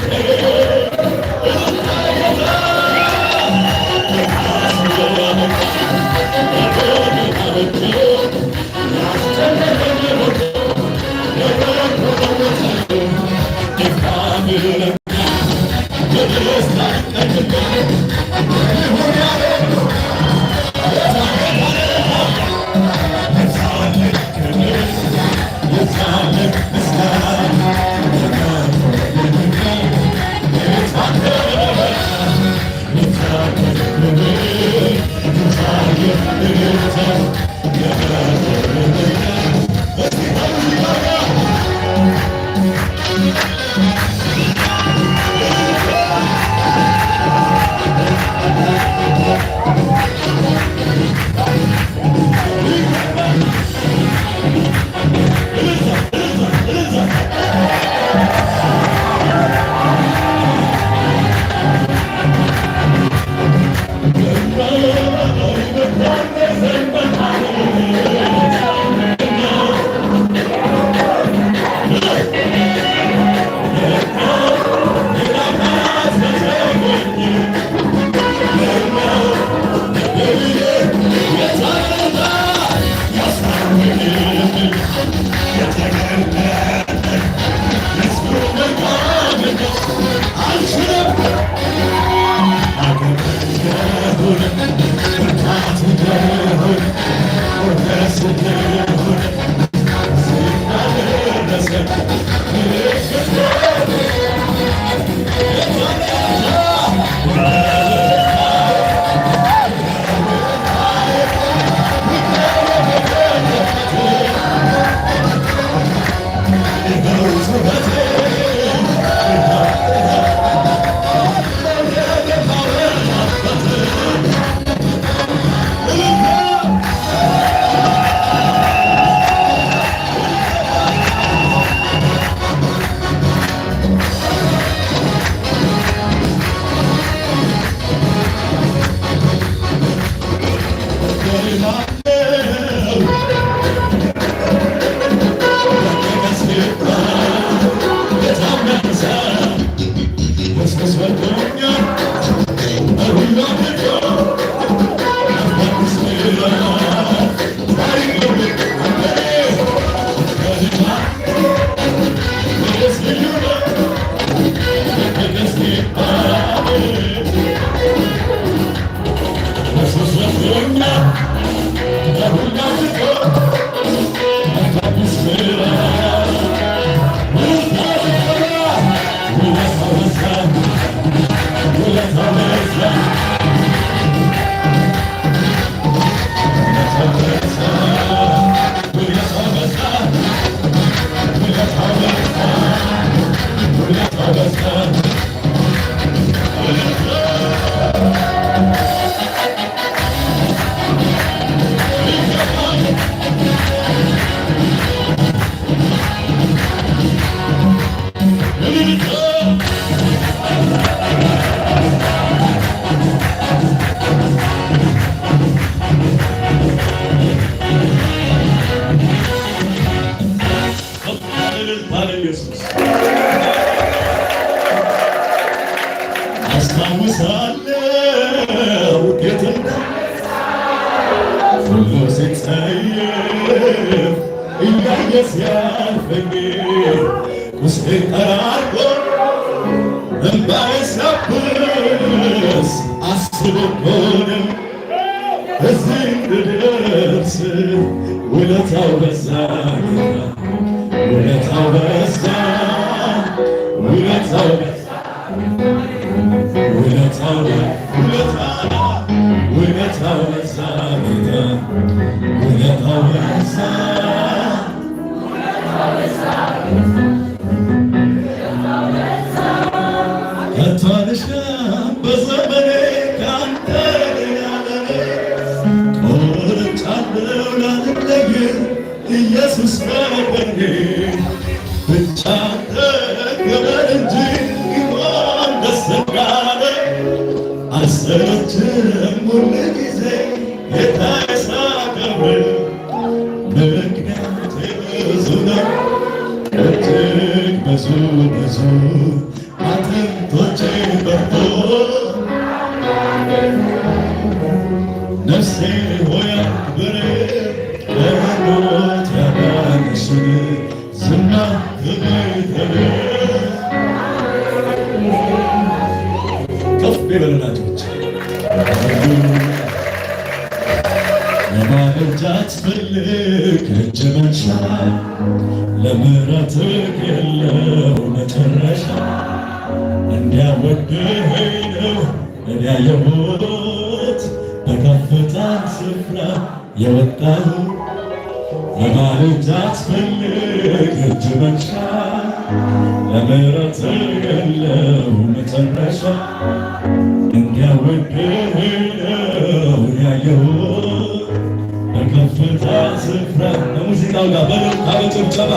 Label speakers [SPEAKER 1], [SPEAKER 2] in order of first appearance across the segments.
[SPEAKER 1] Thank you. Yeah. Yeah. ኢየሱስ አስረችም ሁል ጊዜ የተሳቀብ ምክንያት ብዙ ነው እጅግ ብዙ ብዙ አጥንቶች ለምሕረት የለው መጨረሻ እንዲያወድው ያየሁት በከፍታ ስፍራ ከሙዚቃው ጋር በለው ካለ ጭብጨባ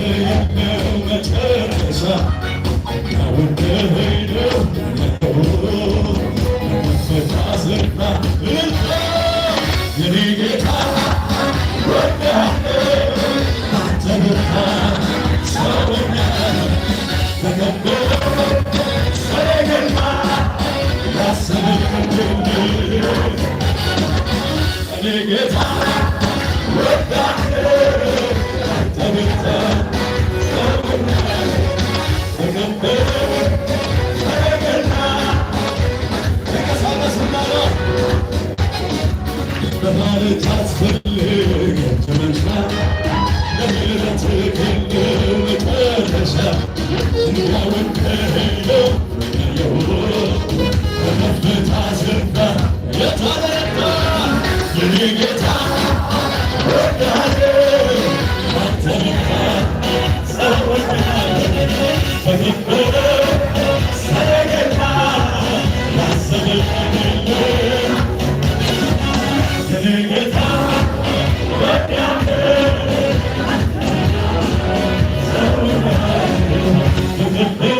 [SPEAKER 1] ያለው መጨረሻ Let's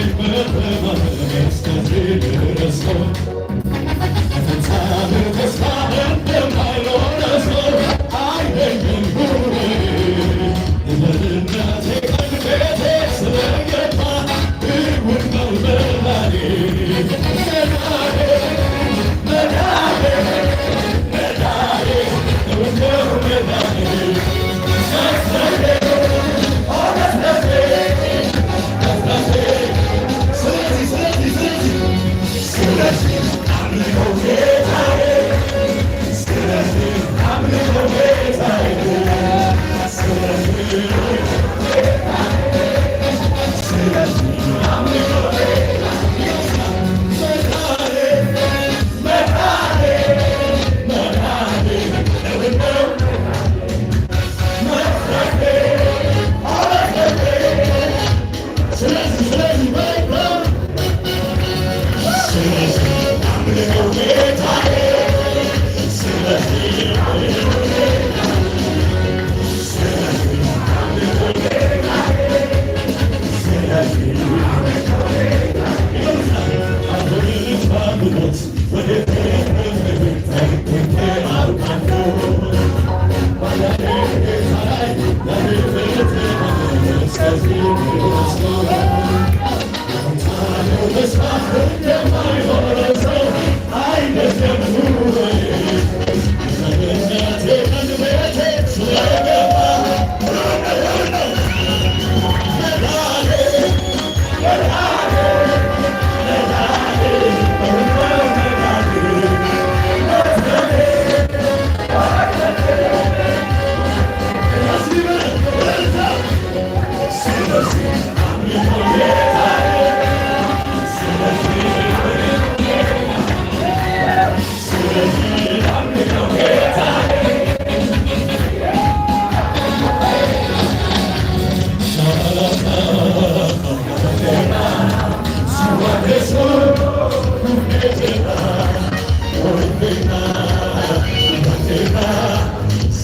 [SPEAKER 1] Ein Zahn des Fahrens, der Meinung, das Wort, ein Engel.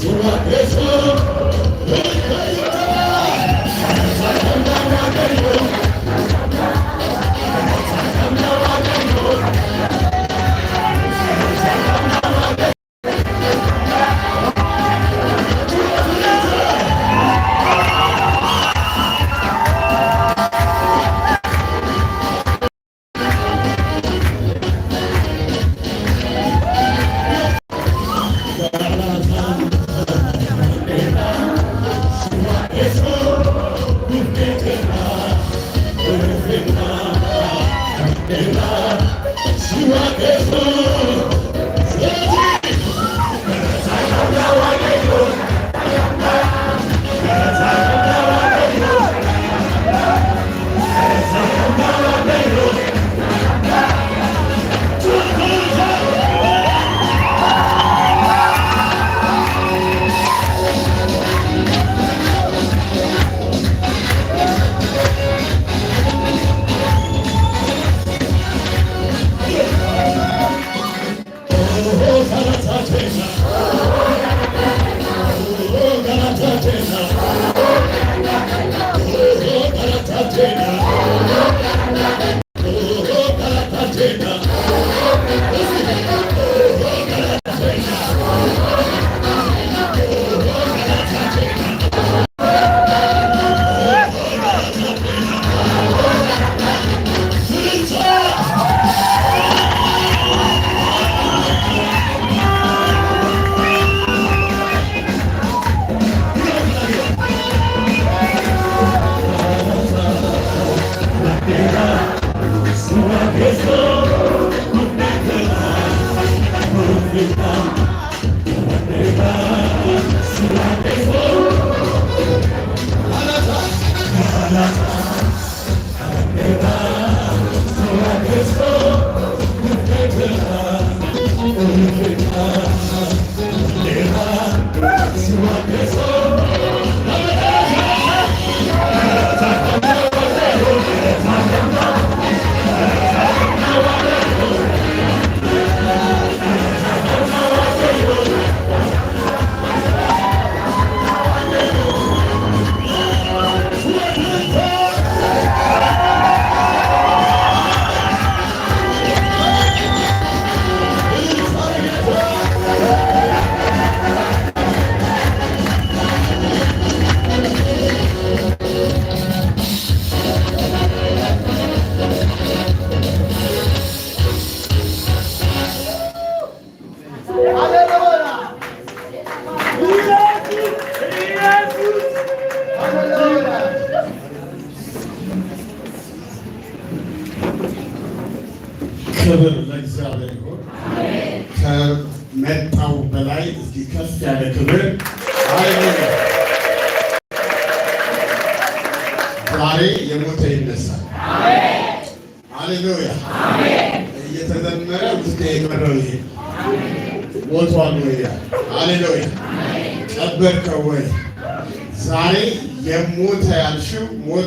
[SPEAKER 1] その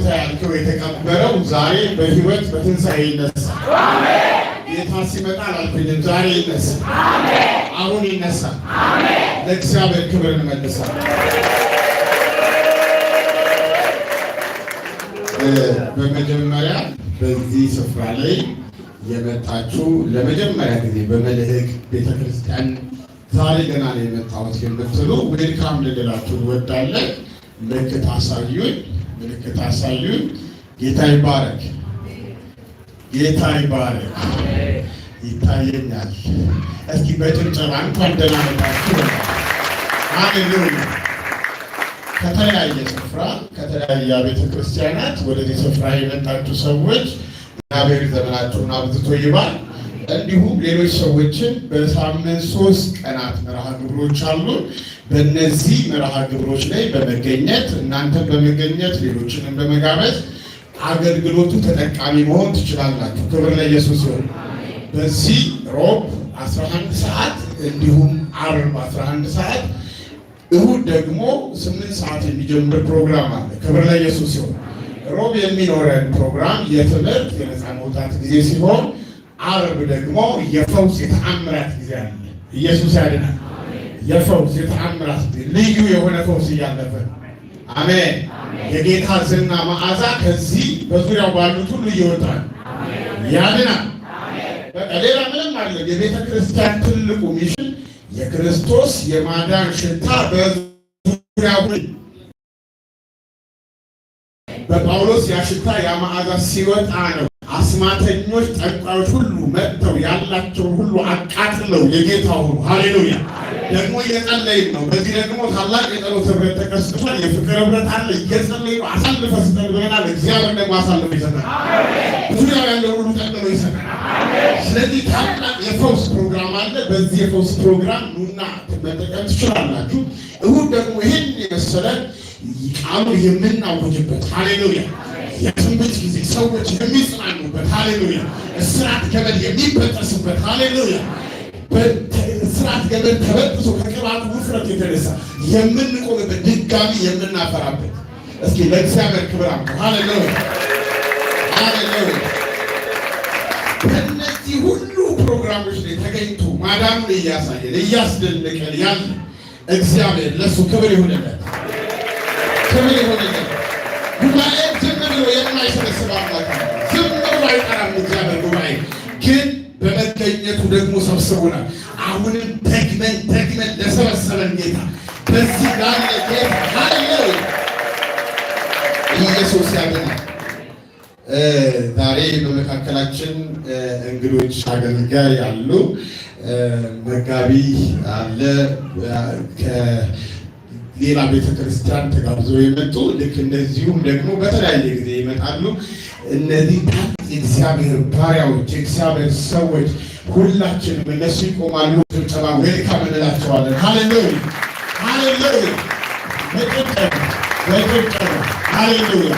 [SPEAKER 1] ተያይቶ የተቀበረው ዛሬ በህይወት በትንሣኤ ይነሳል። ጌታ ሲመጣ አላልኩኝም፣ ዛሬ ይነሳል። አሁን ይነሳል። ለእግዚአብሔር ክብር እንመልሳል። በመጀመሪያ በዚህ ስፍራ ላይ የመጣችሁ ለመጀመሪያ ጊዜ በመልሕቅ ቤተክርስቲያን ዛሬ ገና ነው የመጣሁት የምትሉ ዌልካም ልንላችሁ እንወዳለን። ምልክት አሳዩኝ። ምልክት አሳዩኝ። ጌታ ይባረክ፣ ጌታ ይባረክ። ይታየኛል። እስኪ በጭብጨባ እንኳን ደህና መጣችሁ። ሃሌሉያ። ከተለያየ ስፍራ ከተለያየ ቤተ ክርስቲያናት ወደዚህ ስፍራ የመጣችሁ ሰዎች እግዚአብሔር ዘመናችሁን አብዝቶ ይባል። እንዲሁም ሌሎች ሰዎችን በሳምንት ሶስት ቀናት መርሃ ግብሮች አሉ። በእነዚህ መርሃ ግብሮች ላይ በመገኘት እናንተን በመገኘት ሌሎችንም በመጋበዝ አገልግሎቱ ተጠቃሚ መሆን ትችላላችሁ። ክብር ለኢየሱስ ይሁን። በዚህ ሮብ 11 ሰዓት እንዲሁም አርብ 11 ሰዓት፣ እሁድ ደግሞ 8 ሰዓት የሚጀምር ፕሮግራም አለ። ክብር ለኢየሱስ ይሁን። ሮብ የሚኖረን ፕሮግራም የትምህርት የነፃ መውጣት ጊዜ ሲሆን አርብ ደግሞ የፈውስ የተአምራት ጊዜ አለ። ኢየሱስ ያድናል። የፈውስ የተአምራት ልዩ የሆነ ፈውስ እያለፈ አሜን። የጌታ ዝና መዓዛ ከዚህ በዙሪያው ባሉት ሁሉ ይወጣል፣ ያድናል። በቃ ሌላ ምንም አለ። የቤተ ክርስቲያን ትልቁ ሚሽን የክርስቶስ የማዳን ሽታ በዙሪያው በጳውሎስ ያ ሽታ ያ መዓዛ ሲወጣ ነው አስማተኞች፣ ጠንቋዮች ሁሉ መጥተው ያላቸውን ሁሉ አቃጥለው የጌታ ሆኑ። ሃሌሉያ! ደግሞ እየጸለይን ነው። በዚህ ደግሞ ታላቅ የጸሎት ህብረት ተቀስቷል። የፍቅር ህብረት አለ። እየጸለይ ነው። አሳልፈ ስጠን ብለናል። እግዚአብሔር ደግሞ አሳልፎ
[SPEAKER 2] ይሰጠናል።
[SPEAKER 1] ዙሪያው ያለው ሁሉ ጠቅሎ ይሰጠናል። ስለዚህ ታላቅ የፈውስ ፕሮግራም አለ። በዚህ የፈውስ ፕሮግራም ኑና መጠቀም ትችላላችሁ። እሁድ ደግሞ ይህን የመሰለ ቃሉ የምናውጅበት ሀሌሉያ የቀኑበት ጊዜ ሰዎች የሚጽናኑበት ሃሌሉያ፣ እስራት ገመድ የሚበጠሱበት ሃሌሉያ፣ እስራት ገመድ ተበጥሶ ከቅባት ውፍረት የተነሳ የምንቆምበት ድጋሚ የምናፈራበት። እስኪ ለእግዚአብሔር ክብር አምጡ። ሃሌሉያ፣ ሃሌሉያ። ከእነዚህ ሁሉ ፕሮግራሞች ላይ ተገኝቶ ማዳኑን እያሳየን እያስደነቀን ያለ እግዚአብሔር ለእሱ ክብር ይሁንለት፣ ክብር ይሁንለት ጉባኤ ይሰበስባላችሁ። ግን በመገኘቱ ደግሞ ሰብስቦናል። አሁንም ደግመን ደግመን ለሰበሰበን ጌታ በዚህ ላለ ጌታ አለ ኢየሱስ ያገናል። ዛሬ በመካከላችን እንግዶች አገልጋይ አሉ። መጋቢ አለ ሌላ ቤተክርስቲያን ተጋብዘው የመጡ ልክ እንደዚሁም ደግሞ በተለያየ ጊዜ ይመጣሉ። እነዚህ የእግዚአብሔር ባሪያዎች የእግዚአብሔር ሰዎች ሁላችንም እነሱ ይቆማሉ። ጭብጨባ ዌልካም እንላቸዋለን። ሃሌሉያ ሃሌሉያ፣ በጭብጨባ በጭብጨባ ሃሌሉያ።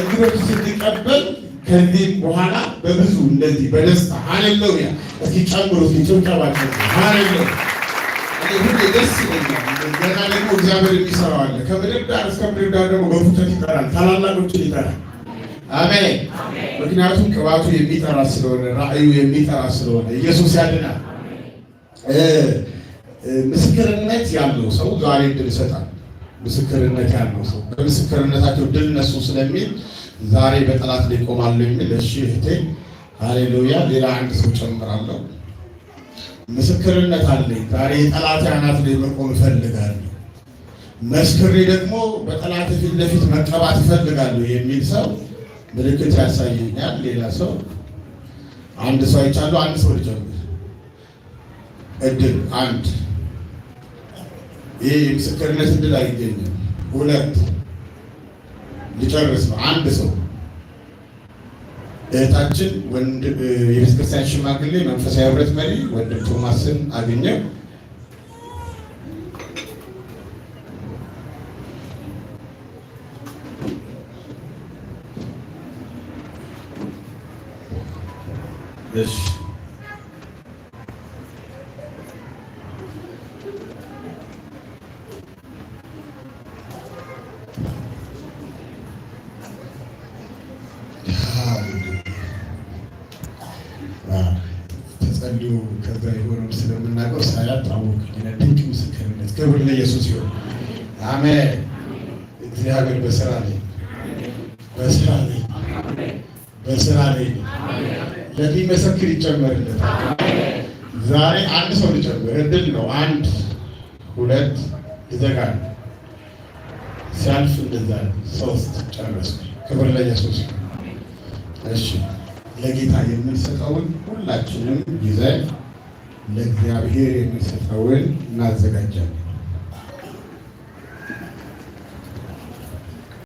[SPEAKER 1] እግሮች ስንቀበል ከዚህ በኋላ በብዙ እንደዚህ በደስታ ሃሌሉያ። እስኪ ጨምሩ ጭብጨባ ሃሌሉያ ሁሌ ደስ ይለኛል። ገና ደግሞ እግዚአብሔር የሚሰራው አለ። ከምድር ዳር እስከ ምድር ዳር ደግሞ በፉተት ይጠራል፣ ታላላቆችን ይጠራል። አሜን። ምክንያቱም ቅባቱ የሚጠራ ስለሆነ፣ ራእዩ የሚጠራ ስለሆነ ኢየሱስ ያድናል። ምስክርነት ያለው ሰው ዛሬ ድል ይሰጣል። ምስክርነት ያለው ሰው በምስክርነታቸው ድል ነሱ ስለሚል ዛሬ በጠላት ላይ እቆማለሁ የሚል እሺ፣ እህቴ ሃሌሉያ። ሌላ አንድ ሰው ጨምራለሁ ምስክርነት አለኝ። ዛሬ ጠላት አናት ላይ መቆም እፈልጋለሁ፣ መስክሬ ደግሞ በጠላት ፊት ለፊት መቀባት እፈልጋለሁ የሚል ሰው ምልክት ያሳየኛል። ሌላ ሰው አንድ ሰው አይቻለሁ። አንድ ሰው ልጀምር። እድል አንድ፣ ይህ የምስክርነት እድል አይገኝም። ሁለት ልጨርስ ነው። አንድ ሰው እህታችን የቤተክርስቲያን ሽማግሌ መንፈሳዊ ህብረት መሪ ወንድም ቶማስን አገኘው። እሺ እንዲሁ ከዛ የሆነው ሳያ ሳያት ታወቅኝና ድንቅ ምስክርነት ክብር ለኢየሱስ ይሆን። አሜን። እግዚአብሔር በስራ ላይ በስራ ላይ በስራ ላይ ለሚመሰክር ይጨመርለታል። ዛሬ አንድ ሰው ሊጨምር እድል ነው። አንድ ሁለት ይዘጋል። ሲያልፍ እንደዛ ሶስት ጨረስ። ክብር ለኢየሱስ ይሆን። እሺ ለጌታ የምንሰጠውን ሁላችንም ይዘን ለእግዚአብሔር የምንሰጠውን እናዘጋጃለን።